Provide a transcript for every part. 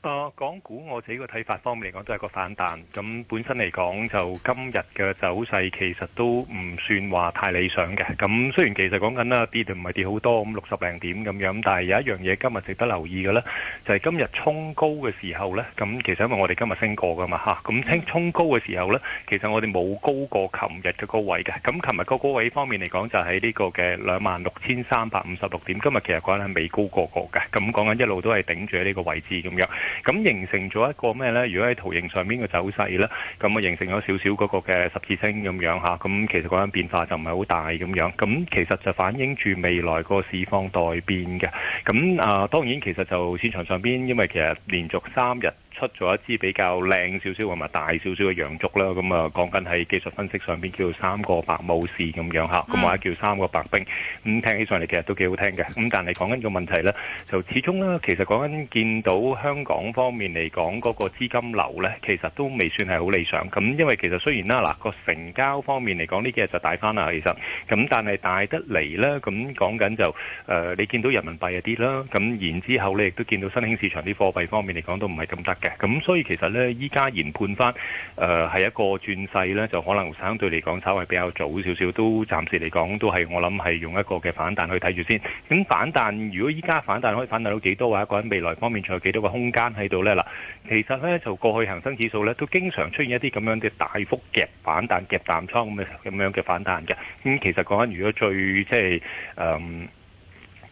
誒、呃，港股我自己嘅睇法方面嚟講，都係個反彈。咁本身嚟講，就今日嘅走勢其實都唔算話太理想嘅。咁雖然其實講緊啦，跌唔係跌好多，咁六十零點咁樣。但係有一樣嘢今日值得留意嘅咧，就係、是、今日衝高嘅時候呢。咁其實因為我哋今日升過噶嘛吓，咁、啊、升衝高嘅時候呢，其實我哋冇高過琴日嘅高位嘅。咁琴日個高位方面嚟講，就喺呢個嘅兩萬六千三百五十六點。今日其實講緊係未高過個嘅。咁講緊一路都係頂住喺呢個位置咁樣。咁形成咗一個咩呢？如果喺圖形上面嘅走勢呢，咁啊形成咗少少嗰個嘅十字星咁樣嚇，咁其實嗰種變化就唔係好大咁樣，咁其實就反映住未來個市況待變嘅。咁啊，當然其實就市場上面，因為其實連續三日。出咗一支比較靚少少，同埋大少少嘅陽燭啦，咁啊講緊喺技術分析上邊叫做三個白武士咁樣嚇，咁或者叫三個白兵，咁聽起上嚟其實都幾好聽嘅，咁但係講緊個問題咧，就始終咧其實講緊見到香港方面嚟講嗰個資金流咧，其實都未算係好理想，咁因為其實雖然啦嗱個成交方面嚟講呢幾日就大返啦，其實咁但係大得嚟咧，咁講緊就誒你見到人民幣一啲啦，咁然之後你亦都見到新興市場啲貨幣方面嚟講都唔係咁得嘅。咁所以其實呢，依家研判翻，誒、呃、係一個轉勢呢，就可能相對嚟講，稍微比較早少少，都暫時嚟講，都係我諗係用一個嘅反彈去睇住先。咁反彈，如果依家反彈可以反彈到幾多，或者講未來方面仲有幾多個空間喺度呢？嗱，其實呢，就過去恒生指數呢，都經常出現一啲咁樣嘅大幅夾反彈、夾淡倉咁嘅咁樣嘅反彈嘅。咁、嗯、其實講緊如果最即係誒。呃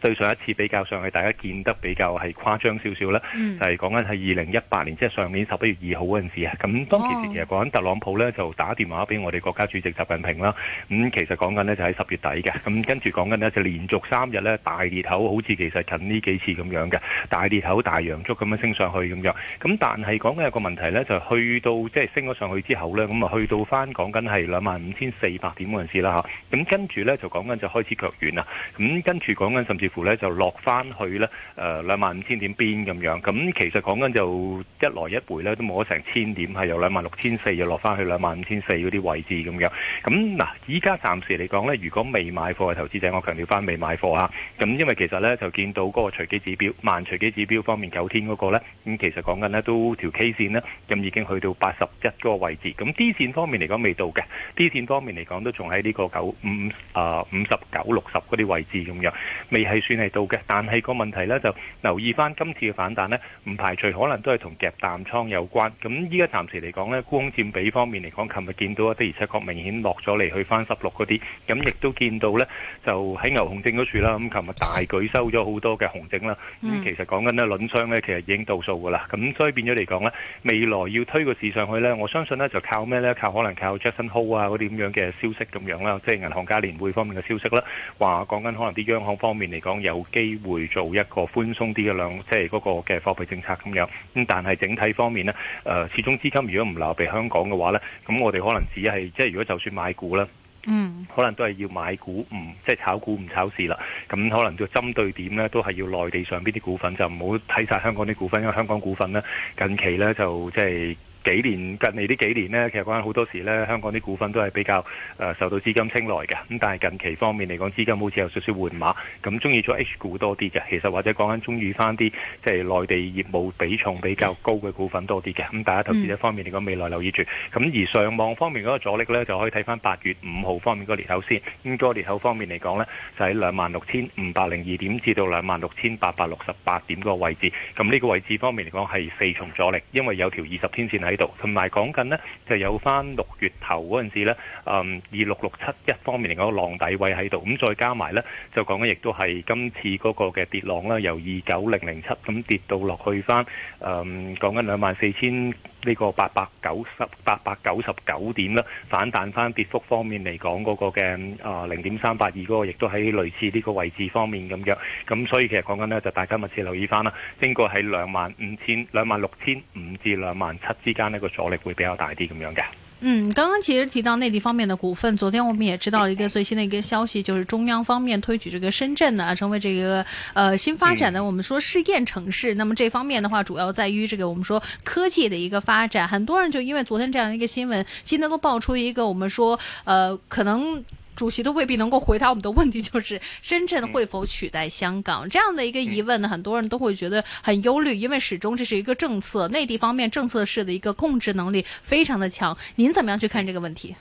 對上一次比較上係大家見得比較係誇張少少啦，就係講緊係二零一八年，即係上年十一月二號嗰陣時啊。咁當其時其實講緊特朗普呢，就打電話俾我哋國家主席習近平啦。咁、嗯、其實在講緊呢，就喺十月底嘅。咁、嗯、跟住講緊呢，就連續三日呢，大裂口，好似其實近呢幾次咁樣嘅大裂口、大陽燭咁樣升上去咁樣。咁、嗯、但係講緊有個問題呢，就去到即係、就是、升咗上去之後呢，咁、嗯、啊去到翻講緊係兩萬五千四百點嗰陣時啦嚇。咁、嗯、跟住呢，就講緊就開始腳軟啦。咁、嗯、跟住講緊甚至。似乎咧就落翻去咧，誒兩萬五千點邊咁樣。咁其實講緊就一來一回咧，都冇咗成千點，係由兩萬六千四又落翻去兩萬五千四嗰啲位置咁樣。咁嗱，依家暫時嚟講呢，如果未買貨嘅投資者，我強調翻未買貨嚇。咁因為其實呢就見到嗰個隨機指標、慢隨機指標方面九天嗰個咧，咁其實講緊呢都條 K 線呢，咁已經去到八十一嗰個位置。咁 D 線方面嚟講未到嘅，D 線方面嚟講都仲喺呢個九五啊五十九六十嗰啲位置咁樣，未係。係算係到嘅，但係個問題咧就留意翻今次嘅反彈咧，唔排除可能都係同夾淡倉有關。咁依家暫時嚟講咧，沽空佔比方面嚟講，琴日見到一啲，而且確明顯落咗嚟，去翻十六嗰啲。咁亦都見到咧，就喺牛熊證嗰處啦。咁琴日大舉收咗好多嘅熊證啦。咁其實講緊咧，輪商咧其實已經倒數㗎啦。咁所以變咗嚟講咧，未來要推個市上去咧，我相信咧就靠咩咧？靠可能靠 Jackson Hole 啊嗰啲咁樣嘅消息咁樣啦，即係銀行家年會方面嘅消息啦。話講緊可能啲央行方面嚟。講有機會做一個寬鬆啲嘅兩，即係嗰個嘅貨幣政策咁樣。咁但係整體方面呢，誒、呃、始終資金如果唔留畀香港嘅話呢，咁我哋可能只係即係如果就算買股啦，可能都係要買股，唔即係炒股唔炒市啦。咁可能就針對點呢，都係要內地上邊啲股份，就唔好睇晒香港啲股份，因為香港股份咧近期呢，就即係。幾年近嚟呢幾年呢？其實講緊好多時呢，香港啲股份都係比較誒、呃、受到資金青睞嘅。咁但係近期方面嚟講，資金好似有少少換馬，咁中意咗 H 股多啲嘅。其實或者講緊中意翻啲即係內地業務比重比較高嘅股份多啲嘅。咁大家投資一方面嚟講，未來留意住。咁而上網方面嗰個阻力呢，就可以睇翻八月五號方面個裂口先。應該個裂口方面嚟講呢，就喺兩萬六千五百零二點至到兩萬六千八百六十八點個位置。咁呢個位置方面嚟講係四重阻力，因為有條二十天線喺度同埋講緊呢，就有翻六月頭嗰陣時呢，嗯，二六六七一方面嚟講浪底位喺度，咁再加埋呢，就講緊亦都係今次嗰個嘅跌浪啦，由二九零零七咁跌到落去翻，嗯，講緊兩萬四千呢個八百九十八百九十九點啦，反彈翻跌幅方面嚟講嗰個嘅啊零點三八二嗰個，亦都喺類似呢個位置方面咁樣，咁所以其實講緊呢，就大家密切留意翻啦，經過喺兩萬五千兩萬六千五至兩萬七之間，那個阻力會比較大啲咁樣嘅。嗯，剛剛其實提到內地方面的股份，昨天我們也知道了一個最新的一個消息，就是中央方面推舉這個深圳呢、啊、成為這個呃新發展的我們說試驗城市。嗯、那麼這方面的話主要在於這個我們說科技的一個發展。很多人就因為昨天這樣一個新聞，今天都爆出一個我們說呃可能。主席都未必能夠回答我們的問題，就是深圳會否取代香港這樣的一個疑問呢？很多人都會覺得很憂慮，因為始終這是一個政策，內地方面政策式的一個控制能力非常的強。您怎麼樣去看這個問題？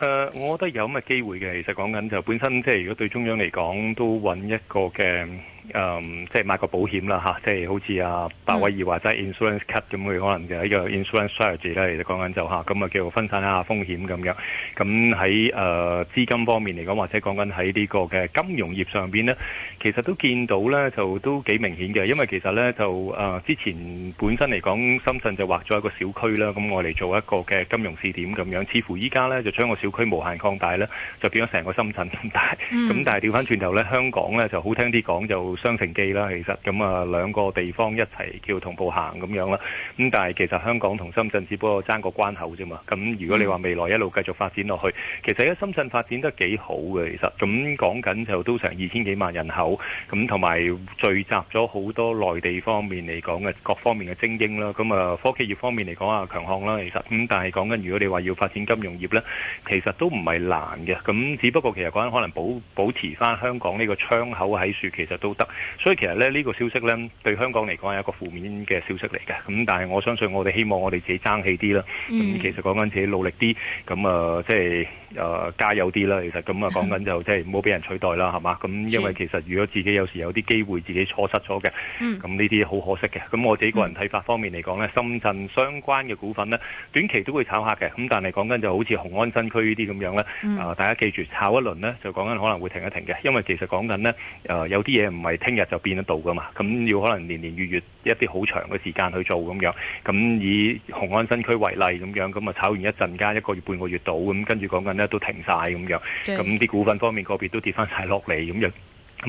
呃，我覺得有咁嘅機會嘅，其實講緊就本身，即係如果對中央嚟講，都搵一個嘅。誒，即係買個保險啦嚇，即係好似阿白偉義話齋 insurance cut 咁，佢可能就係一個 insurance strategy 咧，其實講緊就嚇，咁啊叫做分散一下風險咁樣。咁喺誒資金方面嚟講，或者講緊喺呢個嘅金融業上邊咧，其實都見到咧，就都幾明顯嘅。因為其實咧就誒之前本身嚟講，深圳就劃咗一個小區啦，咁我嚟做一個嘅金融試點咁樣。似乎依家咧就將個小區無限擴大咧，就變咗成個深圳咁大。咁但係調翻轉頭咧，香港咧就好聽啲講就，雙城記啦，其實咁啊兩個地方一齊叫同步行咁樣啦，咁但係其實香港同深圳只不過爭個關口啫嘛。咁如果你話未來一路繼續發展落去，其實喺深圳發展得幾好嘅，其實咁講緊就都成二千幾萬人口，咁同埋聚集咗好多內地方面嚟講嘅各方面嘅精英啦。咁啊，科技業方面嚟講啊強項啦，其實咁但係講緊如果你話要發展金融業呢，其實都唔係難嘅。咁只不過其實講緊可能保保持翻香港呢個窗口喺處，其實都。所以其實咧，呢個消息咧，對香港嚟講係一個負面嘅消息嚟嘅。咁但係我相信我哋希望我哋自己爭氣啲啦。嗯。咁其實講緊自己努力啲，咁啊，即係啊加油啲啦。其實咁啊，講緊就即係唔好俾人取代啦，係嘛？咁因為其實如果自己有時有啲機會自己錯失咗嘅，嗯。咁呢啲好可惜嘅。咁我自己個人睇法方面嚟講咧，深圳相關嘅股份咧，短期都會炒下嘅。咁但係講緊就好似雄安新區呢啲咁樣咧，啊大家記住炒一輪咧，就講緊可能會停一停嘅，因為其實講緊咧，啊有啲嘢唔係。聽日就變得到噶嘛？咁要可能年年月月一啲好長嘅時間去做咁樣，咁以雄安新區為例咁樣，咁啊炒完一陣間一個月半個月到，咁跟住講緊呢都停晒咁樣，咁啲股份方面個別都跌翻晒落嚟咁樣。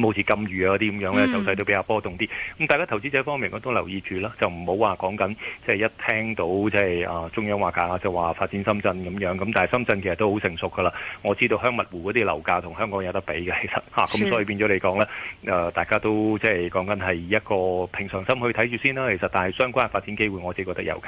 好似金魚啊啲咁樣呢，就走勢都比較波動啲。咁大家投資者方面，我都留意住啦，就唔好話講緊，即係一聽到即係啊中央話價就話發展深圳咁樣。咁但係深圳其實都好成熟噶啦。我知道香蜜湖嗰啲樓價同香港有得比嘅，其實嚇。咁所以變咗嚟講呢，誒，大家都即係講緊係一個平常心去睇住先啦。其實，但係相關嘅發展機會，我自己覺得有嘅。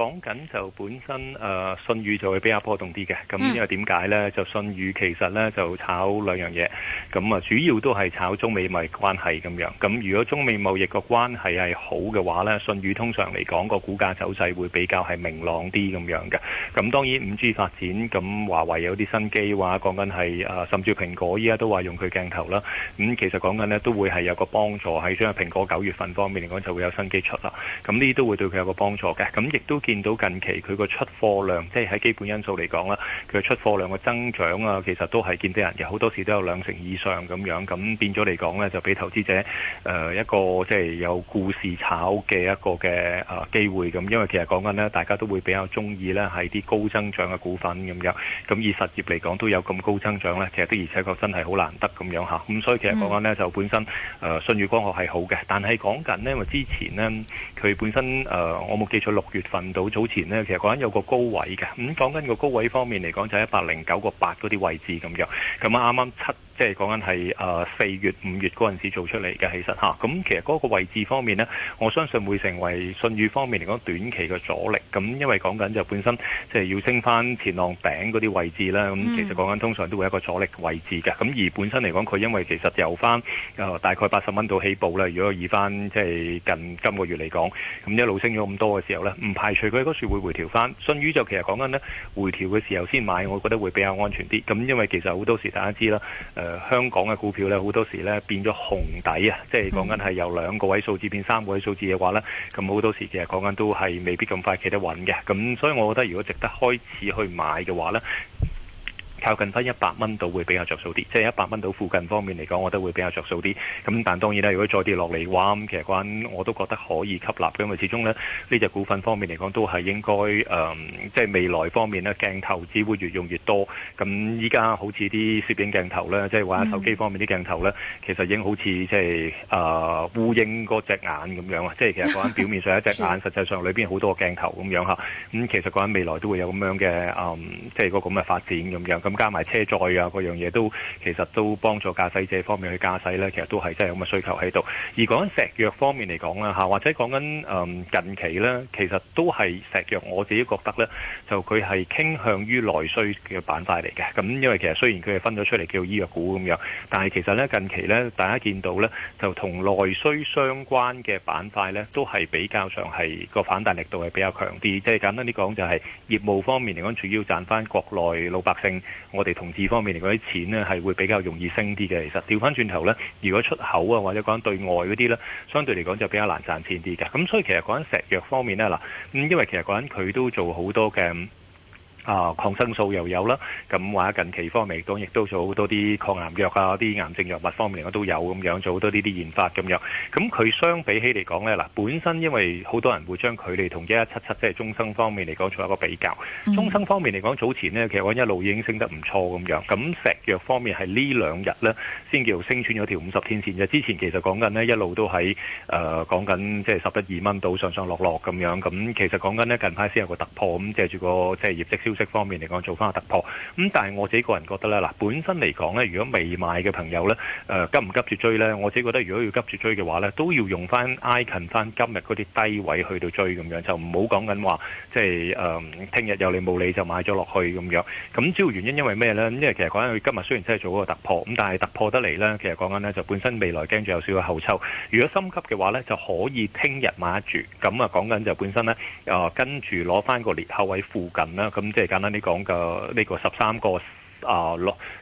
講緊就本身誒、啊、信譽就會比較波動啲嘅，咁因為點解呢？就信譽其實呢，就炒兩樣嘢，咁啊主要都係炒中美貿易關係咁樣。咁如果中美貿易個關係係好嘅話呢，信譽通常嚟講個股價走勢會比較係明朗啲咁樣嘅。咁當然五 G 發展，咁華為有啲新機話講緊係甚至蘋果依家都話用佢鏡頭啦。咁、嗯、其實講緊呢，都會係有個幫助喺，因為蘋果九月份方面嚟講就會有新機出啦。咁呢啲都會對佢有個幫助嘅。咁亦都。見到近期佢個出貨量，即係喺基本因素嚟講啦，佢出貨量嘅增長啊，其實都係見得人嘅好多時都有兩成以上咁樣。咁變咗嚟講呢，就俾投資者誒一個即係有故事炒嘅一個嘅誒機會咁。因為其實講緊呢，大家都會比較鍾意呢係啲高增長嘅股份咁樣。咁以實業嚟講都有咁高增長呢，其實的而且確真係好難得咁樣吓。咁所以其實講緊呢，就本身誒舜宇光學係好嘅，但係講緊呢，因為之前呢，佢本身誒我冇記錯六月份。到早前呢，其實嗰陣有個高位嘅，咁、嗯、講緊個高位方面嚟講，就一百零九個八嗰啲位置咁樣，咁啱啱七。即係講緊係誒四月、五月嗰陣時做出嚟嘅，其實嚇咁、啊，其實嗰個位置方面呢，我相信會成為信譽方面嚟講短期嘅阻力。咁因為講緊就本身即係要升翻前浪頂嗰啲位置啦。咁其實講緊通常都會一個阻力位置嘅。咁、嗯、而本身嚟講，佢因為其實由翻、呃、大概八十蚊到起步啦。如果以翻即係近今個月嚟講，咁一路升咗咁多嘅時候呢，唔排除佢嗰時會回調翻。信譽就其實講緊呢回調嘅時候先買，我覺得會比較安全啲。咁因為其實好多時大家知啦，誒、呃。呃、香港嘅股票呢，好多時呢變咗紅底啊！即係講緊係由兩個位數字變三個位數字嘅話呢，咁好多時其實講緊都係未必咁快企得穩嘅。咁所以，我覺得如果值得開始去買嘅話呢，靠近翻一百蚊度會比較着數啲，即係一百蚊度附近方面嚟講，我都會比較着數啲。咁但係當然啦，如果再跌落嚟嘅話，咁其實講我都覺得可以吸納，因為始終咧呢隻、這個、股份方面嚟講都係應該誒，即、嗯、係、就是、未來方面咧鏡頭只會越用越多。咁依家好似啲攝影鏡頭咧，即係話手機方面啲鏡頭咧，嗯、其實已經好似即係誒烏蠅嗰隻眼咁樣啊！即係其實講緊表面上一隻眼， 實際上裏邊好多個鏡頭咁樣嚇。咁、嗯、其實講緊未來都會有咁樣嘅即係嗰個咁嘅發展咁樣。咁加埋車載啊，嗰樣嘢都其實都幫助駕駛者方面去駕駛呢，其實都係真係有咁嘅需求喺度。而講緊石藥方面嚟講啦，或者講緊誒近期呢，其實都係石藥，我自己覺得呢，就佢係傾向於內需嘅板塊嚟嘅。咁因為其實雖然佢係分咗出嚟叫醫藥股咁樣，但係其實呢近期呢，大家見到呢，就同內需相關嘅板塊呢，都係比較上係個反彈力度係比較強啲。即係簡單啲講，就係業務方面嚟講，主要賺翻國內老百姓。我哋同志方面嚟講，啲錢呢，係會比較容易升啲嘅。其實調翻轉頭呢，如果出口啊或者講對外嗰啲呢，相對嚟講就比較難賺錢啲嘅。咁所以其實講緊石藥方面呢，嗱，因為其實講緊佢都做好多嘅。啊，抗生素又有啦，咁或者近期方面嚟講亦都做好多啲抗癌藥啊、啲癌症藥物方面嚟講都有咁樣，做好多呢啲研發咁樣。咁佢相比起嚟講呢，嗱，本身因為好多人會將佢哋同一一七七即係中生方面嚟講做一個比較，中生方面嚟講早前呢，其實我一路已經升得唔錯咁樣。咁石藥方面係呢兩日呢先叫做升穿咗條五十天線，就之前其實講緊呢，一路都喺誒講緊即係十一二蚊到上上落落咁樣。咁其實講緊呢，近排先有個突破咁借住個即係業績。消息方面嚟講，做翻個突破。咁但係我自己個人覺得呢，嗱，本身嚟講呢，如果未買嘅朋友呢，誒、呃、急唔急住追呢？我自己覺得，如果要急住追嘅話呢，都要用翻挨近翻今日嗰啲低位去到追咁、呃、樣，就唔好講緊話，即係誒聽日有理冇理就買咗落去咁樣。咁主要原因因為咩呢？因為其實講緊佢今日雖然真係做嗰個突破，咁但係突破得嚟呢，其實講緊呢就本身未來驚住有少少後抽。如果心急嘅話呢，就可以聽日買住。咁啊講緊就本身呢，呃、跟住攞翻個裂口位附近啦，咁。即係簡單啲講嘅呢個十三個啊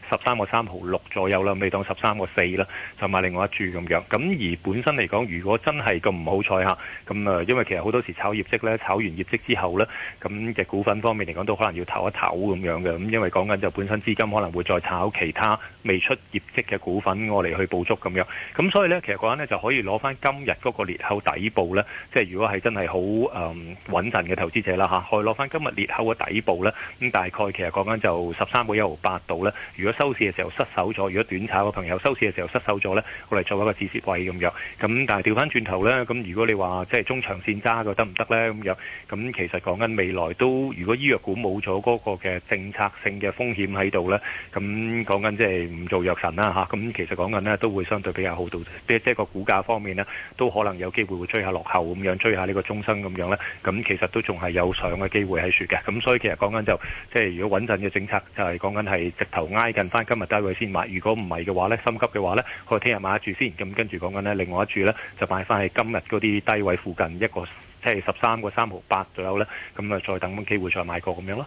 十三個三毫六左右啦，未當十三個四啦，就買另外一注咁樣。咁而本身嚟講，如果真係咁唔好彩嚇，咁啊，因為其實好多時炒業績咧，炒完業績之後咧，咁嘅股份方面嚟講，都可能要唞一唞咁樣嘅。咁因為講緊就本身資金可能會再炒其他未出業績嘅股份，我嚟去捕捉咁樣。咁所以咧，其實講緊咧就可以攞翻今日嗰個裂口底部咧，即係如果係真係好誒穩陣嘅投資者啦嚇，可以攞翻今日裂口嘅底部咧。咁大概其實講緊就十三個一毫八度咧。如果收市嘅時候失手咗，如果短炒嘅朋友收市嘅時候失手咗呢，我嚟做一個止蝕位咁樣。咁但係調翻轉頭呢，咁如果你話即係中長線揸個得唔得呢？咁樣？咁其實講緊未來都，如果醫藥股冇咗嗰個嘅政策性嘅風險喺度呢，咁講緊即係唔做藥神啦嚇。咁其實講緊呢，都會相對比較好到，即係即係個股價方面呢，都可能有機會會追下落後咁樣，追下呢個中生咁樣呢。咁其實都仲係有上嘅機會喺樹嘅。咁所以其實講緊就即係如果穩陣嘅政策就係講緊係直頭挨近。翻今日低位先買，如果唔係嘅話呢，心急嘅話呢，我聽日買一注先，咁跟住講緊呢，另外一注呢，就買翻喺今日嗰啲低位附近一個，即係十三個三毫八左右呢。咁啊再等緊機會再買過咁樣咯。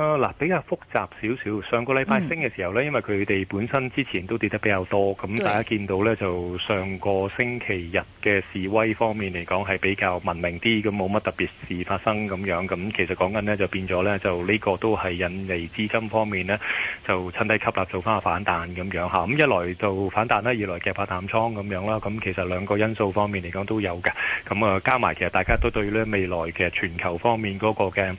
啊嗱，比較複雜少少。上個禮拜升嘅時候呢，因為佢哋本身之前都跌得比較多，咁大家見到呢，就上個星期日嘅示威方面嚟講係比較文明啲，咁冇乜特別事發生咁樣。咁其實講緊呢，就變咗呢，就呢個都係引嚟資金方面呢，就趁低吸納做翻個反彈咁樣吓。咁一來就反彈啦，二來夾下淡倉咁樣啦。咁其實兩個因素方面嚟講都有嘅。咁啊加埋，其實大家都對呢未來嘅全球方面嗰個嘅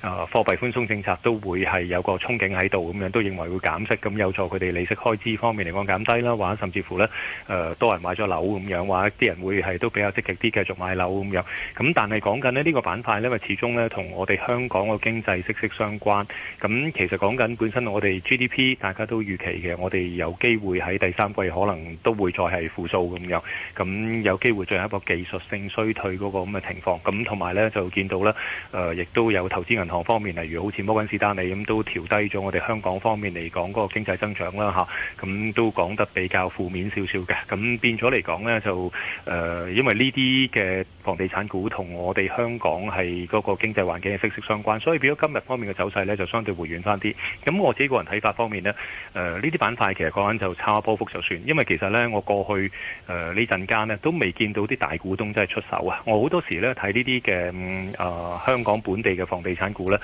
啊貨幣寬鬆政策，都會係有個憧憬喺度咁樣，都認為會減息，咁有助佢哋利息開支方面嚟講減低啦，或者甚至乎呢，誒、呃、多人買咗樓咁樣，或者啲人會係都比較積極啲繼續買樓咁樣。咁但係講緊呢呢、這個板塊呢，因為始終呢同我哋香港個經濟息息相關。咁其實講緊本身我哋 GDP 大家都預期嘅，我哋有機會喺第三季可能都會再係負數咁樣。咁有機會進行一個技術性衰退嗰個咁嘅情況。咁同埋呢，就見到呢，誒、呃、亦都有投資銀行方面，例如好似摩根士丹利咁都調低咗我哋香港方面嚟講嗰、嗰個經濟增長啦咁、啊、都講得比較負面少少嘅，咁變咗嚟講呢，就誒、呃，因為呢啲嘅房地產股同我哋香港係嗰個經濟環境係息息相關，所以變咗今日方面嘅走勢呢，就相對回軟翻啲。咁我自己個人睇法方面呢，誒呢啲板塊其實講緊就炒波幅就算，因為其實呢，我過去誒呢、呃、陣間呢，都未見到啲大股東真係出手啊。我好多時呢，睇呢啲嘅誒香港本地嘅房地產股呢。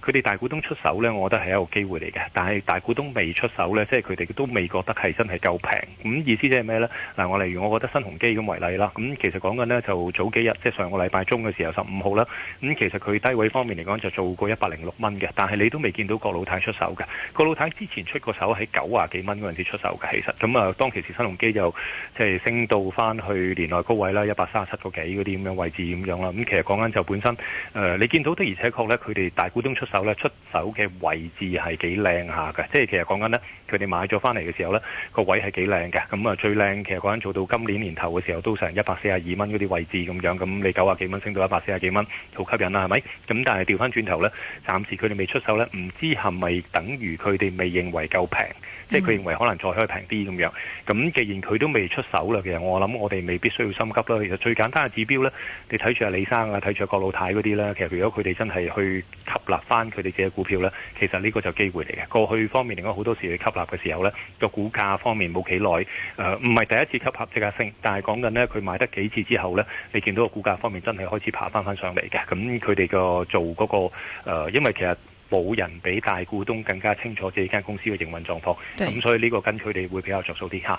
佢哋大股東出手呢，我覺得係一個機會嚟嘅。但係大股東未出手呢，即係佢哋都未覺得係真係夠平。咁意思即係咩呢？嗱，我例如我覺得新鴻基咁為例啦。咁、嗯、其實講緊呢，就早幾日，即係上個禮拜中嘅時候，十五號啦。咁、嗯、其實佢低位方面嚟講就做過一百零六蚊嘅，但係你都未見到郭老太出手嘅。郭老太之前出過手喺九十幾蚊嗰陣時出手嘅，其實咁啊、嗯，當其時新鴻基就即係升到返去年內高位啦，一百三十七個幾嗰啲咁樣位置咁樣啦。咁、嗯、其實講緊就本身誒、呃，你見到的而且確呢，佢哋大股東出手手咧出手嘅位置係幾靚下嘅，即係其實講緊呢，佢哋買咗翻嚟嘅時候呢，個位係幾靚嘅。咁啊，最靚其實講緊做到今年年頭嘅時候都成一百四十二蚊嗰啲位置咁樣，咁你九啊幾蚊升到一百四十幾蚊，好吸引啦，係咪？咁但係調翻轉頭呢，暫時佢哋未出手呢，唔知係咪等於佢哋未認為夠平，嗯、即係佢認為可能再可以平啲咁樣。咁既然佢都未出手啦，其實我諗我哋未必需要心急啦。其實最簡單嘅指標呢，你睇住阿李生啊，睇住阿郭老太嗰啲啦。其實如果佢哋真係去吸納翻。佢哋自己股票呢，其實呢個就機會嚟嘅。過去方面，應該好多時佢吸納嘅時候呢，個股價方面冇幾耐，誒唔係第一次吸納即刻升，但係講緊呢，佢買得幾次之後呢，你見到個股價方面真係開始爬翻翻上嚟嘅。咁佢哋個做嗰個誒，因為其實冇人比大股東更加清楚自己間公司嘅營運狀況，咁對所以呢個跟佢哋會比較着數啲吓。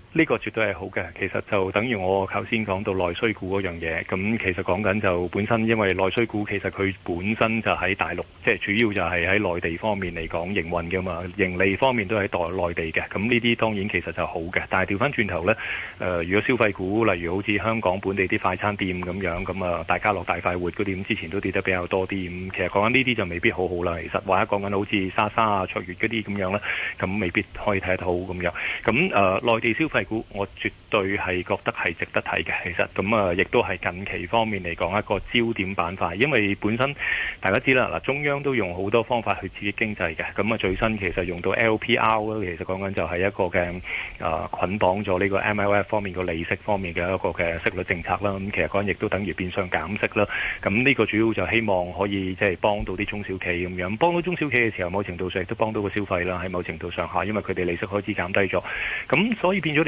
呢個絕對係好嘅，其實就等於我頭先講到內需股嗰樣嘢，咁其實講緊就本身因為內需股其實佢本身就喺大陸，即係主要就係喺內地方面嚟講營運嘅嘛，盈利方面都喺內地嘅，咁呢啲當然其實就好嘅。但係調翻轉頭呢，誒、呃、如果消費股例如好似香港本地啲快餐店咁樣，咁啊大家樂、大快活嗰啲，之前都跌得比較多啲，咁其實講緊呢啲就未必好好啦。其實或者講緊好似莎莎啊、卓越嗰啲咁樣啦，咁未必可以睇得到咁樣。咁誒內地消費。我絕對係覺得係值得睇嘅，其實咁啊，亦都係近期方面嚟講一個焦點板塊，因為本身大家知啦嗱，中央都用好多方法去刺激經濟嘅，咁啊最新其實用到 LPR，其實講緊就係一個嘅啊捆綁咗呢個 MLF 方面、個利息方面嘅一個嘅息率政策啦。咁其實講緊亦都等於變相減息啦。咁呢個主要就希望可以即係幫到啲中小企咁樣，幫到中小企嘅時候，某程度上亦都幫到個消費啦。喺某程度上下，因為佢哋利息開始減低咗，咁所以變咗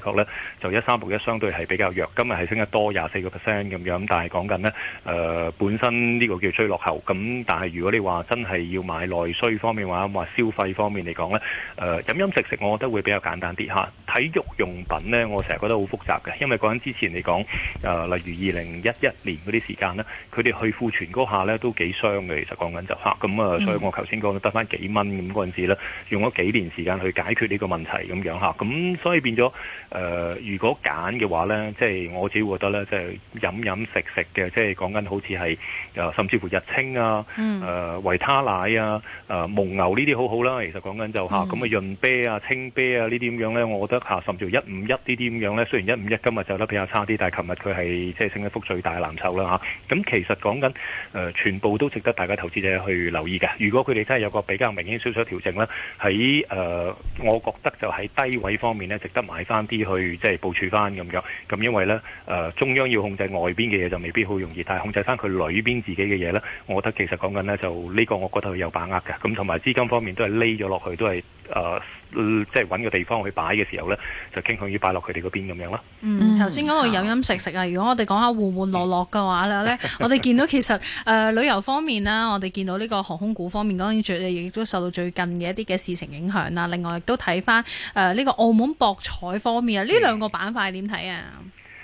嗯嗯、確咧就一三六一相對係比較弱，今日係升得多廿四個 percent 咁樣，但係講緊呢誒本身呢個叫追落後咁。但係如果你話真係要買內需方面話，話消費方面嚟講呢，誒、呃、飲飲食食，我覺得會比較簡單啲嚇。體育用品呢，我成日覺得好複雜嘅，因為講緊之前嚟講誒，例如二零一一年嗰啲時間呢，佢哋去庫存嗰下呢都幾傷嘅。其實講緊就吓咁啊，所以我頭先講得翻幾蚊咁嗰陣時咧，用咗幾年時間去解決呢個問題咁樣嚇，咁、啊、所以變咗。誒、呃，如果揀嘅話咧，即係我自己覺得咧，即係飲飲食食嘅，即係講緊好似係誒，甚至乎日清啊、誒、mm. 呃、維他奶啊、誒、呃、蒙牛呢啲好好啦。其實講緊就嚇、是，咁、mm. 啊潤啤啊、清啤啊呢啲咁樣咧，我覺得嚇，甚至乎一五一呢啲咁樣咧，雖然一五一今日走得比較差啲，但係琴日佢係即係升一幅最大嘅藍籌啦、啊、嚇。咁、啊、其實講緊誒，全部都值得大家投資者去留意嘅。如果佢哋真係有個比較明顯少少調整咧，喺誒、呃，我覺得就喺低位方面咧，值得買翻啲。去即係部署翻咁樣。咁因為咧，誒，中央要控制外邊嘅嘢，就未必好容易，但係控制翻佢裏邊自己嘅嘢咧，我覺得其實講緊咧，就呢個我覺得佢有把握嘅。咁同埋資金方面都係匿咗落去，都係誒。呃嗯、即係揾個地方去擺嘅時候呢，就傾向於擺落佢哋嗰邊咁樣咯。嗯，頭先嗰個飲飲食食啊，如果我哋講下玩玩樂樂嘅話呢，嗯、我哋見到其實誒、呃、旅遊方面啦，我哋見到呢個航空股方面當然最亦都受到最近嘅一啲嘅事情影響啦。另外亦都睇翻誒呢個澳門博彩方面啊，呢兩個板塊點睇啊？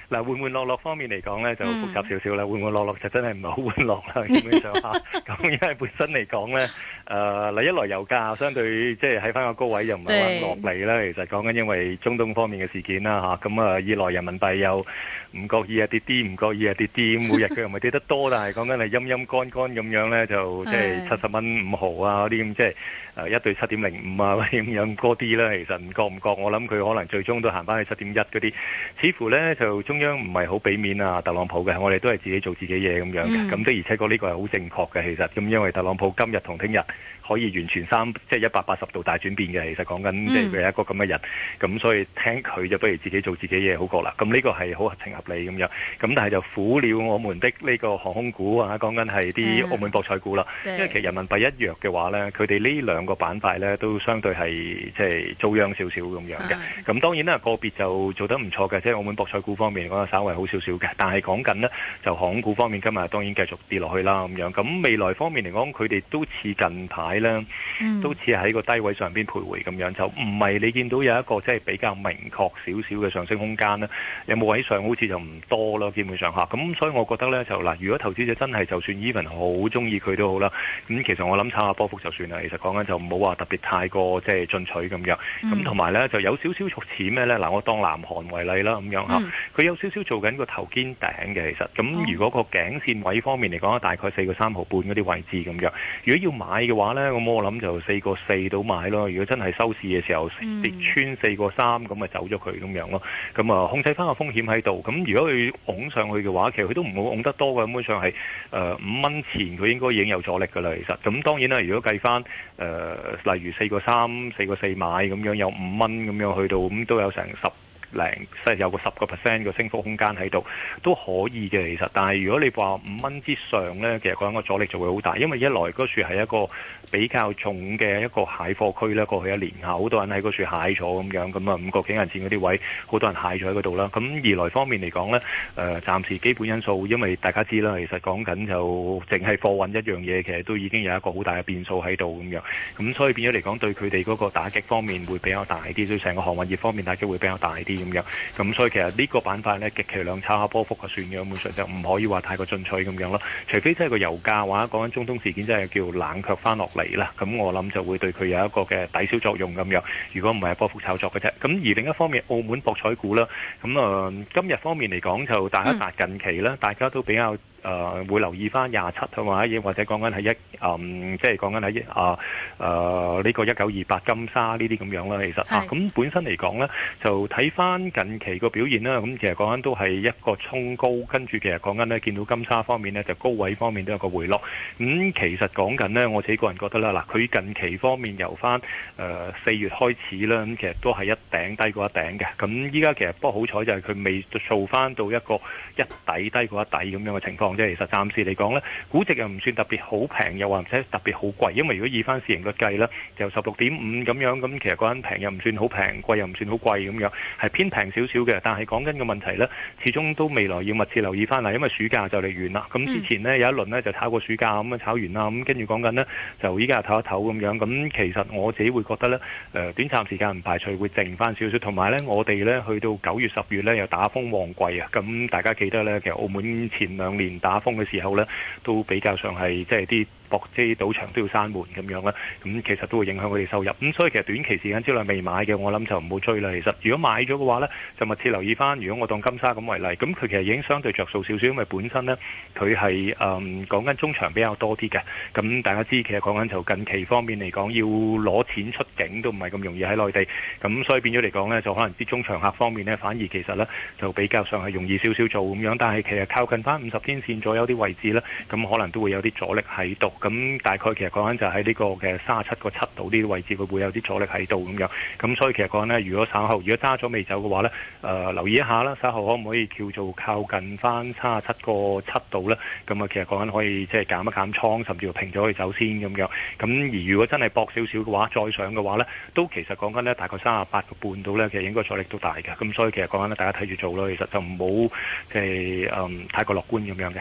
嗱、嗯，玩玩樂樂方面嚟講呢，就複雜少少啦。玩玩樂樂就真係唔係好玩樂啦，基本上咁因為本身嚟講呢。誒嗱，一來油價相對即係喺翻個高位又唔係話落嚟啦，其實講緊因為中東方面嘅事件啦嚇，咁啊二來人民幣又唔覺意啊跌啲，唔覺意啊跌啲，每日佢又唔係跌得多，但係講緊係陰陰乾乾咁樣咧，就即係七十蚊五毫啊嗰啲咁，即係誒一對七點零五啊咁樣高啲啦。其實唔覺唔覺，我諗佢可能最終都行翻去七點一嗰啲。似乎咧就中央唔係好俾面啊特朗普嘅，我哋都係自己做自己嘢咁樣嘅。咁的而且確呢個係好正確嘅，其實咁因為特朗普今日同聽日。可以完全三即係一百八十度大轉變嘅，其實講緊佢係一個咁嘅人，咁、嗯、所以聽佢就不如自己做自己嘢好過啦。咁呢個係好合情合理咁樣，咁但係就苦了我們的呢個航空股啊，講緊係啲澳門博彩股啦。嗯、因為其實人民幣一弱嘅話呢，佢哋呢兩個板塊呢都相對係即係遭殃少少咁樣嘅。咁、嗯、當然啦，個別就做得唔錯嘅，即係澳門博彩股方面嚟講，稍為好少少嘅。但係講緊呢，就航空股方面，今日當然繼續跌落去啦咁樣。咁未來方面嚟講，佢哋都似近牌啦，嗯、都似喺個低位上面徘徊咁樣，就唔係你見到有一個即係比較明確少少嘅上升空間啦。有冇位上好似就唔多囉，基本上嚇。咁所以我覺得咧就嗱，如果投資者真係就算 even 好中意佢都好啦，咁其實我諗炒下波幅就算啦。其實講緊就唔好話特別太過即係、就是、進取咁樣。咁同埋咧就有少少似咩咧嗱，我當南韓為例啦咁樣嚇，佢、嗯、有少少做緊個頭肩頂嘅，其實咁好如果個頸線位方面嚟講，大概四個三毫半嗰啲位置咁樣。如果要買嘅。話咧，咁我諗就四個四到買咯。如果真係收市嘅時候、mm. 跌穿四個三，咁咪走咗佢咁樣咯。咁啊，控制翻個風險喺度。咁如果佢拱上去嘅話，其實佢都唔會拱得多嘅。基本上係誒五蚊前，佢應該已經有阻力噶啦。其實咁當然啦。如果計翻誒、呃，例如四個三、四個四買咁樣，有五蚊咁樣去到咁，都有成十零，即係有個十個 percent 嘅升幅空間喺度都可以嘅，其實。但係如果你話五蚊之上呢，其實講緊個阻力就會好大，因為一來嗰處係一個比較重嘅一個蟹貨區啦，過去一年啊，好多人喺嗰處蟹咗咁樣，咁啊五個幾銀錢嗰啲位，好多人蟹咗喺嗰度啦。咁二來方面嚟講呢，誒、呃、暫時基本因素，因為大家知啦，其實講緊就淨係貨運一樣嘢，其實都已經有一個好大嘅變數喺度咁樣，咁所以變咗嚟講對佢哋嗰個打擊方面會比較大啲，所以成個航運業方面打擊會比較大啲。咁樣，咁所以其實呢個板塊呢，極其量炒下波幅係算嘅，基本上就唔可以話太過進取咁樣咯。除非真係個油價話講緊中東事件，真係叫冷卻翻落嚟啦。咁我諗就會對佢有一個嘅抵消作用咁樣。如果唔係，係波幅炒作嘅啫。咁而另一方面，澳門博彩股啦，咁啊今日方面嚟講，就大家達近期啦，大家都比較。誒、呃、會留意翻廿七同埋一，或者講緊係一誒、嗯，即係講緊係一呢個一九二八金沙呢啲咁樣啦。其實是啊，咁本身嚟講呢，就睇翻近期個表現啦。咁其實講緊都係一個衝高，跟住其實講緊呢，見到金沙方面呢，就高位方面都有個回落。咁、嗯、其實講緊呢，我自己個人覺得啦，嗱，佢近期方面由翻誒四月開始啦，咁其實都係一頂低過一頂嘅。咁依家其實不過好彩就係佢未做翻到一個一底低過一底咁樣嘅情況。即係其實暫時嚟講呢，估值又唔算特別好平，又或者特別好貴。因為如果以翻市盈率計呢，就十六點五咁樣，咁其實講緊平又唔算好平，貴又唔算好貴咁樣，係偏平少少嘅。但係講緊個問題呢，始終都未來要密切留意翻啦，因為暑假就嚟完啦。咁之前呢，有一輪呢就炒過暑假，咁炒完啦，咁跟住講緊呢，就依家又唞一唞咁樣。咁其實我自己會覺得呢，誒、短暫時間唔排除會剩翻少少，同埋呢，我哋呢去到九月十月呢，又打風旺季啊。咁大家記得呢，其實澳門前兩年，打風嘅時候呢，都比較上係即係啲。就是搏即賭場都要閂門咁樣啦，咁其實都會影響佢哋收入，咁所以其實短期時間之內未買嘅，我諗就唔好追啦。其實如果買咗嘅話呢，就密切留意翻。如果我當金沙咁為例，咁佢其實已經相對着數少少，因為本身呢，佢係誒講緊中場比較多啲嘅。咁大家知其實講緊就近期方面嚟講，要攞錢出境都唔係咁容易喺內地，咁所以變咗嚟講呢，就可能啲中場客方面呢，反而其實呢，就比較上係容易少少做咁樣。但係其實靠近翻五十天線左右啲位置呢，咁可能都會有啲阻力喺度。咁大概其實講緊就喺呢個嘅三十七個七度呢啲位置，佢會有啲阻力喺度咁樣。咁所以其實講緊呢，如果稍後如果揸咗未走嘅話呢，誒、呃、留意一下啦，稍後可唔可以叫做靠近翻三十七個七度呢？咁啊，其實講緊可以即係減一減倉，甚至乎平咗去走先咁樣。咁而如果真係搏少少嘅話，再上嘅話呢，都其實講緊呢，大概三十八個半度呢，其實應該阻力都大嘅。咁所以其實講緊大家睇住做咯，其實就唔好誒嗯太過樂觀咁樣嘅。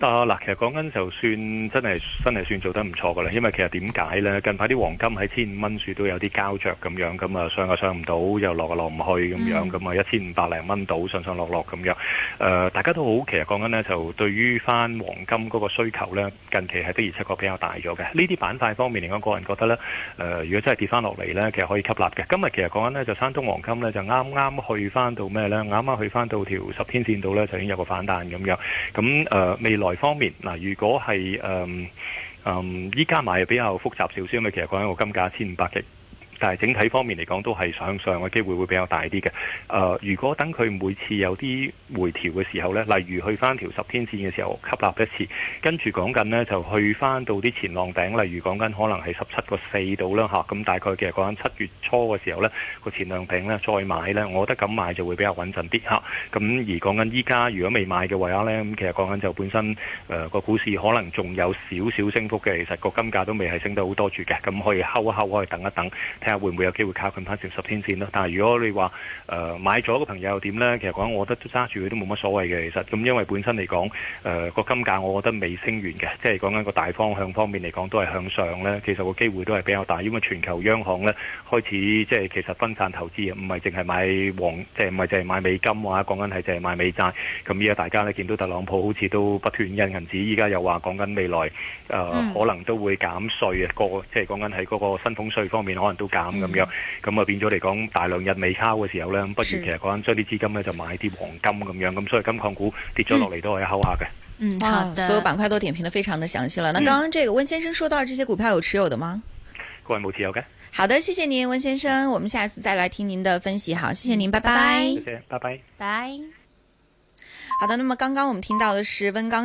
啊嗱，其實講緊就算真係真係算做得唔錯嘅啦，因為其實點解呢？近排啲黃金喺千五蚊處都有啲膠着咁樣，咁啊上啊上唔到，又落啊落唔去咁樣，咁啊一千五百零蚊度上上落落咁樣。誒、呃，大家都好，其實講緊呢就對於翻黃金嗰個需求呢，近期係的而且確比較大咗嘅。呢啲板塊方面，嚟講個人覺得呢，誒、呃、如果真係跌翻落嚟呢，其實可以吸納嘅。今日其實講緊呢，就山東黃金呢，就啱啱去翻到咩呢？啱啱去翻到條十天線度呢，就已經有個反彈咁樣。咁誒、呃、未來。台方面嗱，如果係誒嗯，依、呃、家、呃、買又比較複雜少少，因為其實講緊個金價千五百幾。但係整體方面嚟講，都係向上嘅機會會比較大啲嘅。誒、呃，如果等佢每次有啲回調嘅時候呢，例如去翻條十天線嘅時候吸納一次，跟住講緊呢就去翻到啲前浪頂，例如講緊可能係十七個四度啦，咁大概其實講緊七月初嘅時候呢個前浪頂呢，再買呢我覺得咁買就會比較穩陣啲嚇。咁、啊、而講緊依家如果未買嘅位呢，咁其實講緊就本身個、呃、股市可能仲有少少升幅嘅，其實個金價都未係升得好多住嘅，咁可以睺一睺，可以等一等。睇下會唔會有機會靠近翻成十天線咯。但係如果你話誒、呃、買咗嘅朋友又點呢？其實講，我覺得揸住佢都冇乜所謂嘅。其實咁，因為本身嚟講，誒、呃、個金價我覺得未升完嘅，即係講緊個大方向方面嚟講都係向上呢。其實個機會都係比較大，因為全球央行呢開始即係、就是、其實分散投資啊，唔係淨係買黃，即係唔係淨係買美金話，講緊係淨係買美債。咁依家大家呢見到特朗普好似都不斷印銀紙，依家又話講緊未來誒、呃嗯、可能都會減稅啊，就是、那個即係講緊喺嗰個薪俸稅方面可能都。減咁、嗯、樣，咁啊變咗嚟講，大量日未拋嘅時候呢，不如其實嗰陣將啲資金呢就買啲黃金咁是樣，咁所以金礦股跌咗落嚟都可以拋下嘅。嗯，好，好的所有板塊都點評得非常的詳細啦。那剛剛這個溫先生說到這些股票有持有的嗎？各位冇持有嘅。好的，謝謝您，溫先生。我們下次再來聽您的分析，好，謝謝您，嗯、拜拜。拜拜。拜，拜。拜拜，好的，那麼剛剛我們聽到的是溫鋼。